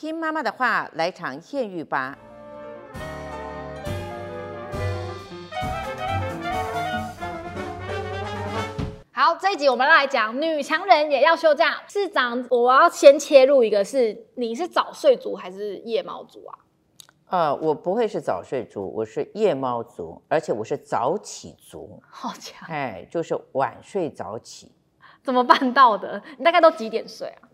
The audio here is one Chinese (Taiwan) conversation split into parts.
聽媽媽的話，來場艷遇吧。好，這一集我們來講女強人也要休假。市長，我要先切入一個是，是你是早睡族還是夜貓族啊？呃，我不會是早睡族，我是夜貓族，而且我是早起族，好強！哎，就是晚睡早起，怎麼辦到的？你大概都幾點睡啊？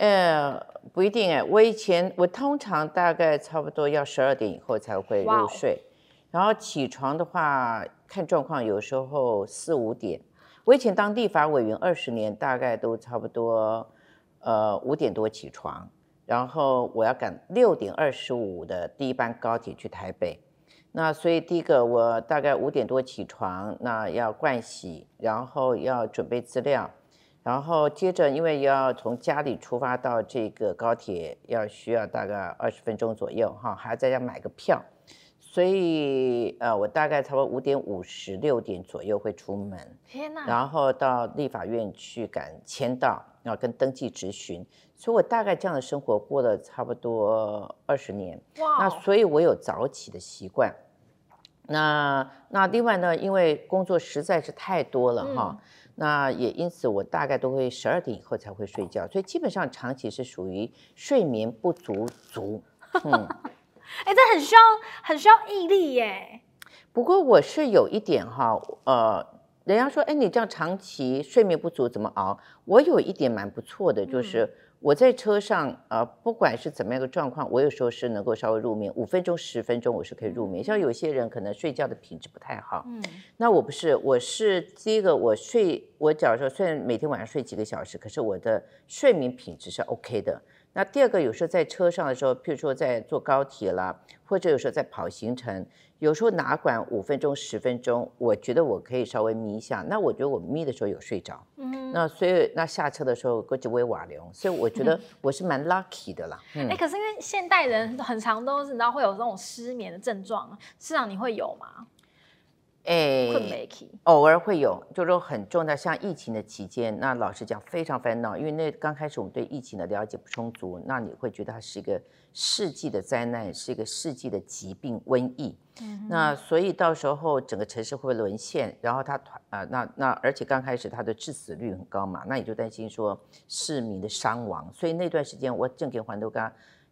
呃、uh,，不一定哎、啊。我以前我通常大概差不多要十二點以後才會入睡，wow. 然後起床的話看狀況，有時候四五點。我以前當立法委員二十年，大概都差不多，呃五點多起床，然後我要趕六點二十五的第一班高鐵去台北。那所以第一個我大概五點多起床，那要盥洗，然後要準備資料。然後接着，因為要從家裡出發到這個高鐵，要需要大概二十分鐘左右哈，還要在家買個票，所以呃，我大概差不多五點五十六點左右會出門。天哪！然後到立法院去趕簽到，然後跟登記質詢。所以我大概這樣的生活過了差不多二十年。哇！那所以我有早起的習慣。那那另外呢，因為工作實在是太多了哈，嗯、那也因此我大概都會十二點以後才會睡覺，所以基本上長期是屬於睡眠不足足。哎、嗯，這 很需要很需要毅力耶。不過我是有一點哈，呃，人家說哎，你這樣長期睡眠不足怎麼熬？我有一點蠻不錯的，就是。嗯我在車上啊、呃，不管是怎麼樣個狀況，我有時候是能夠稍微入眠，五分鐘、十分鐘，我是可以入眠。像有些人可能睡覺的品質不太好，嗯，那我不是，我是第一個，我睡，我假如說，雖然每天晚上睡幾個小時，可是我的睡眠品質是 OK 的。那第二個，有時候在車上的時候，譬如說在坐高鐵啦，或者有時候在跑行程，有時候哪管五分鐘、十分鐘，我覺得我可以稍微眯一下。那我覺得我眯的時候有睡着，嗯，那所以那下車的時候估計我也瓦流，所以我覺得我是蠻 lucky 的啦。哎、嗯欸，可是因為現代人很常都是你知道會有這種失眠的症狀，市長你會有嗎？哎，偶爾會有，就是說很重的，像疫情的期間，那老實講非常煩惱，因為那剛開始我們對疫情的了解不充足，那你會覺得它是一個世紀的災難，是一個世紀的疾病瘟疫。嗯、那所以到時候整個城市會，會淪陷，然後它團啊、呃，那那而且剛開始它的致死率很高嘛，那你就擔心說市民的傷亡，所以那段時間我正跟黃豆乾。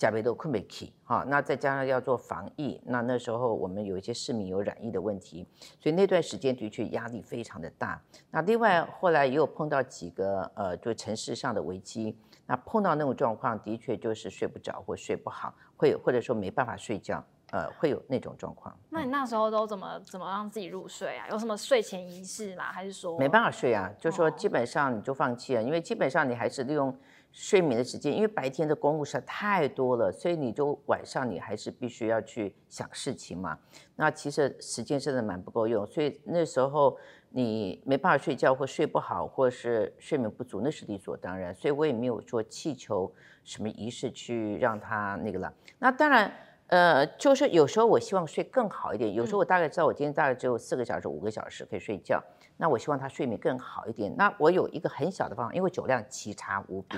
加貝多庫貝奇，哈，那再加上要做防疫，那那時候我們有一些市民有染疫的問題，所以那段時間的確壓力非常的大。那另外後來也有碰到幾個呃，就城市上的危機，那碰到那種狀況，的確就是睡不着或睡不好，會有或者說沒辦法睡覺，呃，會有那種狀況。那你那時候都怎麼怎麼讓自己入睡啊？有什麼睡前儀式嗎？還是說沒辦法睡啊？就說基本上你就放棄了，因為基本上你還是利用。睡眠的時間，因為白天的公務實在太多了，所以你就晚上你還是必須要去想事情嘛。那其實時間真的蠻不夠用，所以那時候你沒辦法睡覺，或睡不好，或是睡眠不足，那是理所當然。所以我也沒有說祈求什麼儀式去讓他那個了。那當然。呃，就是有時候我希望睡更好一點，有時候我大概知道我今天大概只有四個小時、五個小時可以睡覺，那我希望他睡眠更好一點。那我有一個很小的方法，因為酒量奇差無比。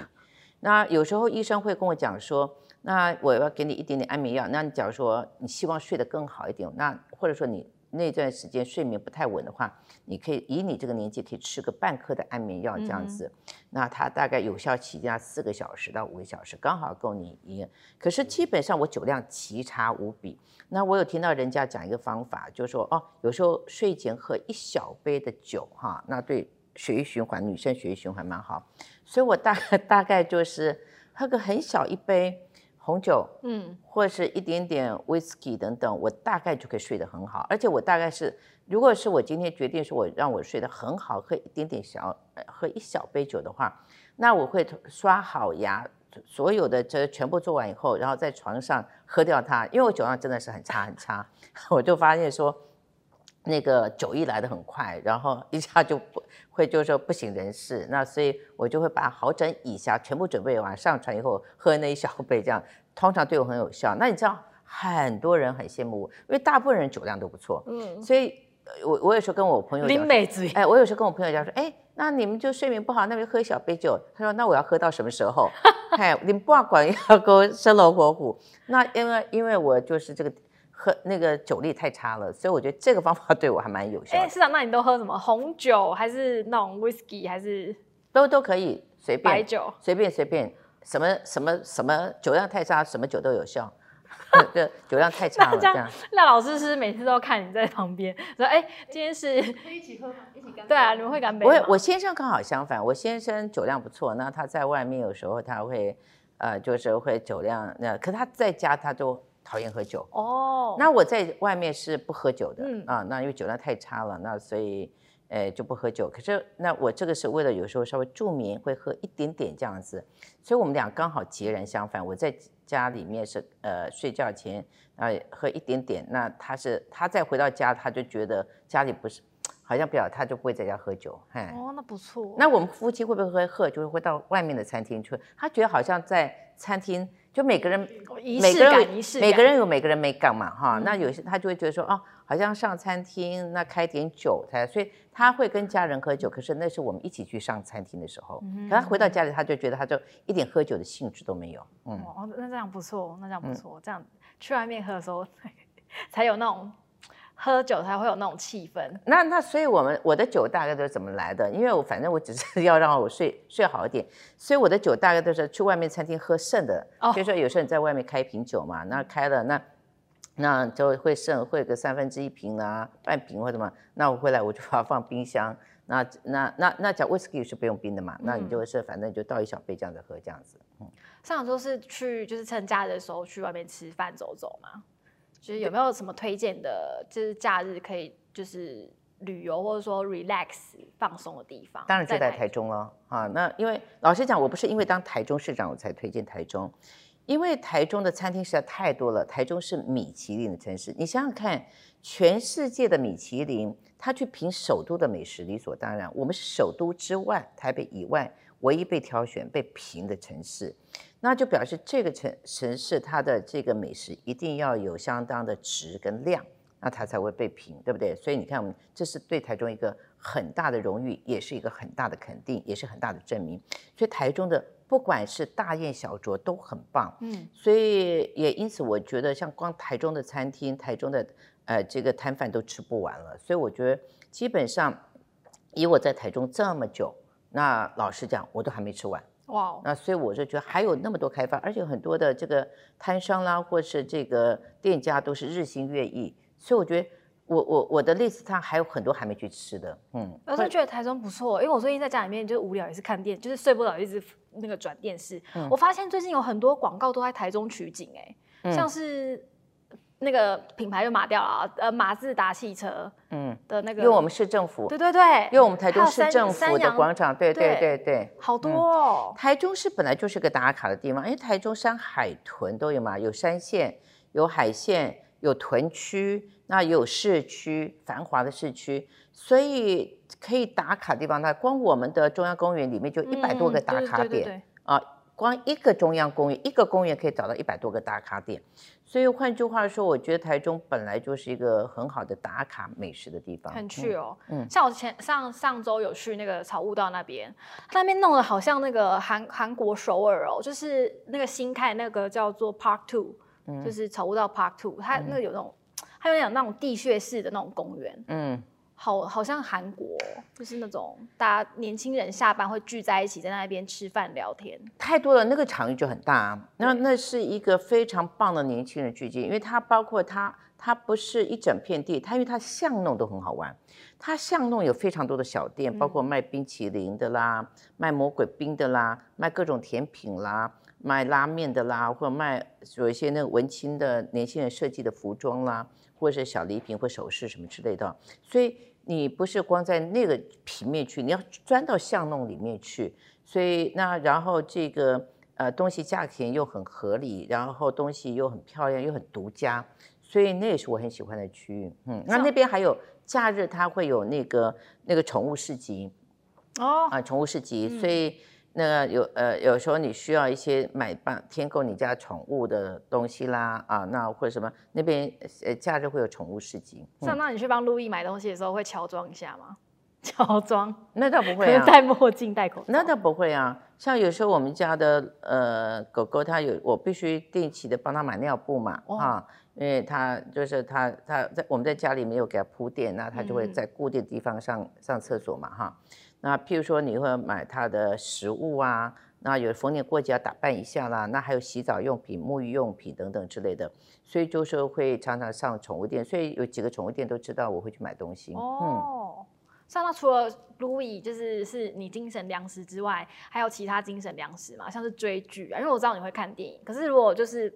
那有時候醫生會跟我講說，那我要給你一點點安眠藥，那你假如說你希望睡得更好一點，那或者說你。那段時間睡眠不太穩的話，你可以以你這個年紀可以吃個半顆的安眠藥這樣子，嗯、那它大概有效期間四個小時到五個小時，剛好夠你一夜。可是基本上我酒量奇差無比、嗯，那我有聽到人家講一個方法，就是說哦，有時候睡前喝一小杯的酒哈，那對血液循環，女生血液循環蠻好，所以我大大概就是喝個很小一杯。紅酒，嗯，或者是一點點威士忌等等，我大概就可以睡得很好。而且我大概是，如果是我今天決定是我讓我睡得很好，喝一點點小，呃，喝一小杯酒的話，那我會刷好牙，所有的這全部做完以後，然後在床上喝掉它。因為我酒量真的是很差很差，我就發現說，那個酒意來得很快，然後一下就不會就是說不省人事。那所以我就會把好整以暇全部準備完，上床以後喝那一小杯這樣。通常對我很有效。那你知道很多人很羨慕我，因為大部分人酒量都不錯。嗯，所以我我有時候跟我朋友林妹子，哎，我有時候跟我朋友講說，哎，那你們就睡眠不好，那們就喝一小杯酒。他說，那我要喝到什麼時候？ 哎，你們不要管要夠生龍活虎。那因為因為我就是這個喝那個酒力太差了，所以我覺得這個方法對我還蠻有效。哎，市長，那你都喝什麼？紅酒還是那種 whisky 還是都都可以隨便，白酒隨便隨便。隨便隨便隨便。什麼什麼什麼酒量太差，什麼酒都有效，那酒量太差了。 那這樣，這樣那老師是每次都看你在旁邊說，哎、欸，今天是一起喝一起乾杯？對啊，你們會乾杯嗎？我我先生剛好相反，我先生酒量不錯，那他在外面有時候他會，呃，就是會酒量，那、呃、可是他在家他都討厭喝酒哦。那我在外面是不喝酒的、嗯、啊，那因為酒量太差了，那所以。呃，就不喝酒。可是那我這個是為了有時候稍微助眠，會喝一點點這樣子。所以我們倆剛好截然相反。我在家裡面是呃睡覺前啊、呃、喝一點點，那他是他再回到家他就覺得家裡不是好像不要，他就不會在家喝酒。哎，哦，那不錯。那我們夫妻會不會喝？就是會到外面的餐廳去，他覺得好像在餐廳。就每個人，每個人，儀式感，每個人有每個人美感嘛哈、嗯。那有些他就會覺得說，哦，好像上餐廳那開點酒才，所以他會跟家人喝酒。可是那是我們一起去上餐廳的時候，嗯、可他回到家裡他就覺得他就一點喝酒的興致都沒有。哦、嗯，那這樣不錯，那這樣不錯，嗯、這樣去外面喝的時候才有那種。喝酒才會有那種氣氛。那那，所以我們我的酒大概都是怎麼來的？因為我反正我只是要讓我睡睡好一點，所以我的酒大概都是去外面餐廳喝剩的。哦，就是說有時候你在外面開一瓶酒嘛，那開了那那就會剩，會一個三分之一瓶啊，半瓶或者什麼，那我回來我就把它放冰箱。那那那那叫 whisky 是不用冰的嘛，嗯、那你就會是反正就倒一小杯這樣子喝，這樣子。嗯，上週是去就是趁假日的時候去外面吃飯走走嗎？就是有沒有什麼推薦的，就是假日可以就是旅遊或者說 relax 放鬆的地方？當然就在台中了啊！那因為老實講，我不是因為當台中市長我才推薦台中，因為台中的餐廳實在太多了。台中是米其林的城市，你想想看，全世界的米其林他去評首都的美食理所當然，我們是首都之外，台北以外唯一被挑選被評的城市。那就表示這個城城市它的這個美食一定要有相當的質跟量，那它才會被評，對不對？所以你看，我們這是對台中一個很大的榮譽，也是一個很大的肯定，也是很大的證明。所以台中的不管是大宴小酌都很棒，嗯，所以也因此我覺得，像光台中的餐廳，台中的呃這個攤販都吃不完了。所以我覺得基本上，以我在台中這麼久，那老實講，我都還沒吃完。哇、wow.，那所以我就覺得還有那麼多開發，而且很多的這個攤商啦，或是這個店家都是日新月異，所以我覺得我我我的 list 上還有很多還沒去吃的，嗯。我是覺得台中不錯，因為我最近在家裡面就無聊，也是看電，就是睡不着，一直那個轉電視、嗯。我發現最近有很多廣告都在台中取景、欸，哎，像是。那個品牌就馬掉了啊，呃，馬自達汽車，嗯，的那個，因、嗯、為我們市政府，對對對，因為我們台中市政府的廣場，對對對對，好多哦。嗯、台中市本來就是個打卡的地方，因為台中山、海屯都有嘛，有山線，有海線，有屯區，那也有市區繁華的市區，所以可以打卡的地方，那光我們的中央公園裡面就一百多個打卡點。嗯，就是對對對對光一個中央公園，一個公園可以找到一百多個打卡點，所以換句話說，我覺得台中本來就是一個很好的打卡美食的地方。很去哦，嗯，像我前上上周有去那個草悟道那邊，那邊弄的好像那個韓韓國首爾哦，就是那個新開的那個叫做 Park Two，就是草悟道 Park Two，它那個有那種，嗯、它有點那,那種地穴式的那種公園，嗯。好，好像韓國就是那種大家年輕人下班會聚在一起，在那邊吃飯聊天。太多了，那個場域就很大啊。那那是一個非常棒的年輕人聚集，因為它包括它，它不是一整片地，它因為它巷弄都很好玩。它巷弄有非常多的小店，包括賣冰淇淋的啦，賣魔鬼冰的啦，賣各種甜品啦，賣拉面的啦，或者賣有一些那個文青的年輕人設計的服裝啦，或者是小禮品或首飾什麼之類的，所以。你不是光在那個平面去，你要鑽到巷弄裡面去。所以那然後這個呃東西價錢又很合理，然後東西又很漂亮又很獨家，所以那也是我很喜歡的區域。嗯，那那邊還有假日它會有那個那個寵物市集哦啊、Oh. 呃、寵物市集，嗯、所以。那有呃，有時候你需要一些買幫添購你家寵物的東西啦啊，那或者什麼那邊呃假日會有寵物市集。像、嗯、那你去幫路易買東西的時候會喬裝一下嗎？喬裝？ 那倒不會啊。 戴墨鏡、戴口罩？ 那倒不會啊。像有時候我們家的呃狗狗，它有我必須定期的幫它買尿布嘛，哈、啊，因為它就是它它在我們在家裡沒有給它鋪墊，那它就會在固定的地方上、嗯、上廁所嘛，哈、啊。那譬如說你會買它的食物啊，那有逢年過節要打扮一下啦，那還有洗澡用品、沐浴用品等等之類的，所以就說會常常上寵物店，所以有幾個寵物店都知道我會去買東西。哦，像、嗯、那除了路易就是是你精神糧食之外，還有其他精神糧食嘛？像是追劇啊，因為我知道你會看電影，可是如果就是。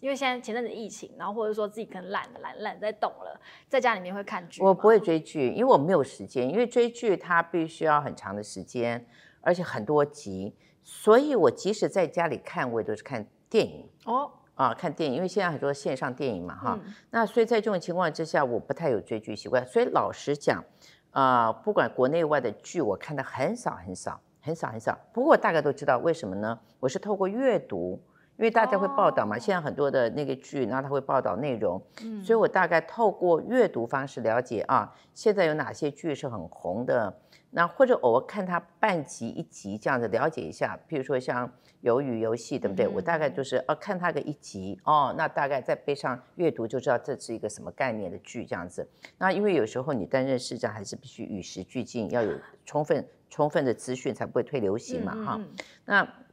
因為現在前陣子疫情，然後或者說自己可能懶了懶了懶在動了，在家裡面會看劇。我不會追劇，因為我沒有時間。因為追劇它必須要很長的時間，而且很多集，所以我即使在家裡看，我也都是看電影哦啊，看電影，因為現在很多線上電影嘛哈、嗯。那所以在這種情況之下，我不太有追劇習慣。所以老實講，啊、呃，不管國內外的劇，我看得很少很少很少很少。不過我大概都知道為什麼呢？我是透過閱讀。因為大家會報道嘛，oh. 現在很多的那個劇，然後他會報道內容，mm -hmm. 所以我大概透過閱讀方式了解啊，現在有哪些劇是很紅的，那或者偶爾看他半集一集這樣子了解一下，比如說像《魷魚遊戲》對不對？Mm -hmm. 我大概就是哦、啊，看他個一集哦，那大概再配上閱讀就知道這是一個什麼概念的劇這樣子。那因為有時候你擔任市長還是必須與時俱進，要有充分、mm -hmm. 充分的資訊才不會退流行嘛哈、mm -hmm. 啊。那。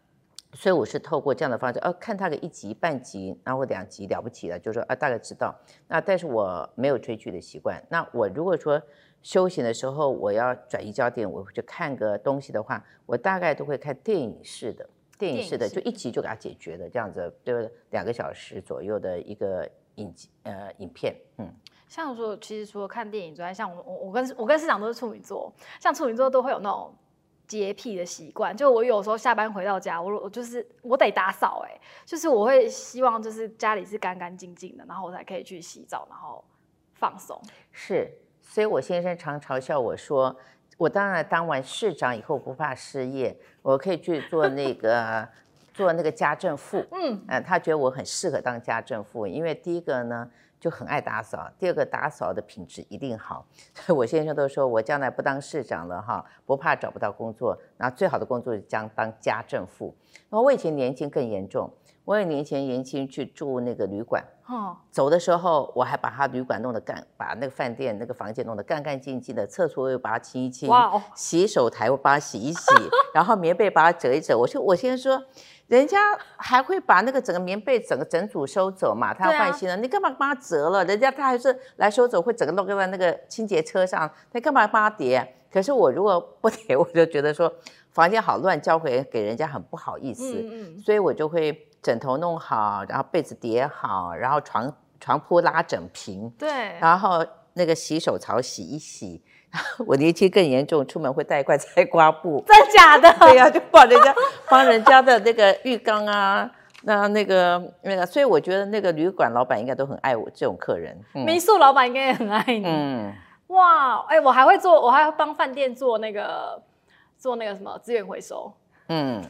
所以我是透過這樣的方式，呃、啊，看他個一集半集，然後兩集了不起的，就是說啊，大概知道。那但是我沒有追劇的習慣。那我如果說休閒的時候，我要轉移焦點，我就看個東西的話，我大概都會看電影式的，電影式的，式就一集就給它解決的這樣子，就對對兩個小時左右的一個影呃，影片，嗯。像說，其實除了看電影之外，像我我我跟我跟市長都是處女座，像處女座都會有那種。潔癖的習慣，就我有時候下班回到家，我我就是我得打掃哎、欸，就是我會希望就是家裡是乾乾淨淨的，然後我才可以去洗澡，然後放鬆。是，所以我先生常嘲笑我說，我當然當完市長以後不怕失業，我可以去做那個 做那個家政婦、嗯。嗯，他覺得我很適合當家政婦，因為第一個呢。就很愛打掃，第二個打掃的品質一定好。所以我先生都說我將來不當市長了哈，不怕找不到工作，那最好的工作是將當家政婦。那我以前年輕更嚴重。我有年前年輕去住那個旅館，哦，走的時候我還把他旅館弄得乾，把那個飯店那個房間弄得干干淨淨的，廁所又把它清一清，哦，洗手台我把它洗一洗， 然後棉被把它折一折。我就我先說，人家還會把那個整個棉被整個整組收走嘛，他要換新的，啊、你幹嘛幫他折了？人家他還是來收走會整個弄在那個清潔車上，你幹嘛幫他疊？可是我如果不疊，我就覺得說。房間好亂，交回給人家很不好意思，嗯嗯，所以我就會枕頭弄好，然後被子疊好，然後床床鋪拉整平，對，然後那個洗手槽洗一洗。 我年輕更嚴重，出門會帶一塊菜瓜布。真的假的？ 對呀、啊，就幫人家 幫人家的那個浴缸啊，那那個那個，所以我覺得那個旅館老板應該都很愛我這種客人，嗯、民宿老板應該也很愛你。嗯，哇，哎、欸，我還會做，我還會幫飯店做那個。做那個什麼資源回收，嗯，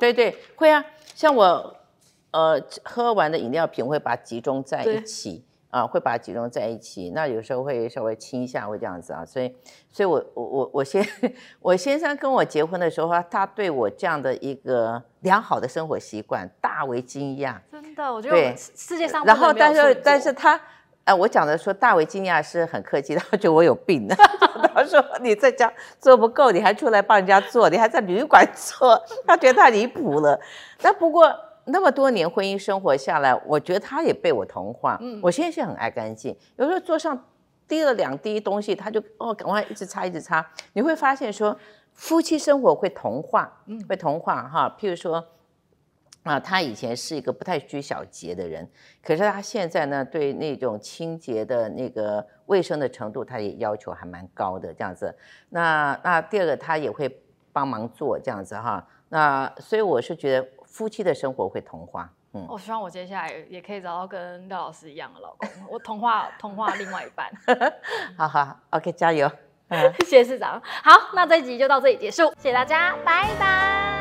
對對， 會啊，像我呃喝完的飲料瓶會把它集中在一起啊，會把它集中在一起，那有時候會稍微清一下，會這樣子啊，所以，所以我我我先我先生跟我結婚的時候，他對我這樣的一個良好的生活習慣大為驚訝，真的，我覺得我對世界上不然後但是但是他。哎，我講的說，大衛驚訝是很客氣，他覺得我有病。他說，你在家做不夠，你還出來幫人家做，你還在旅館做，他覺得太離譜了。但不過那麼多年婚姻生活下來，我覺得他也被我同化。嗯，我現在是很愛乾淨，有時候桌上滴了兩滴東西，他就哦，趕快一直擦，一直擦。你會發現說，夫妻生活會同化，嗯，會同化哈。譬如說。啊、呃，他以前是一個不太拘小節的人，可是他現在呢，對那種清潔的那個衛生的程度，他也要求還蠻高的這樣子。那那、呃、第二個，他也會幫忙做這樣子哈。那、呃、所以我是覺得夫妻的生活會同化。嗯，我希望我接下來也可以找到跟廖老師一樣的老公，我同化 同化另外一半。 好好，OK，加油。 謝謝市長。好，那這集就到這裡結束。謝謝大家，拜拜。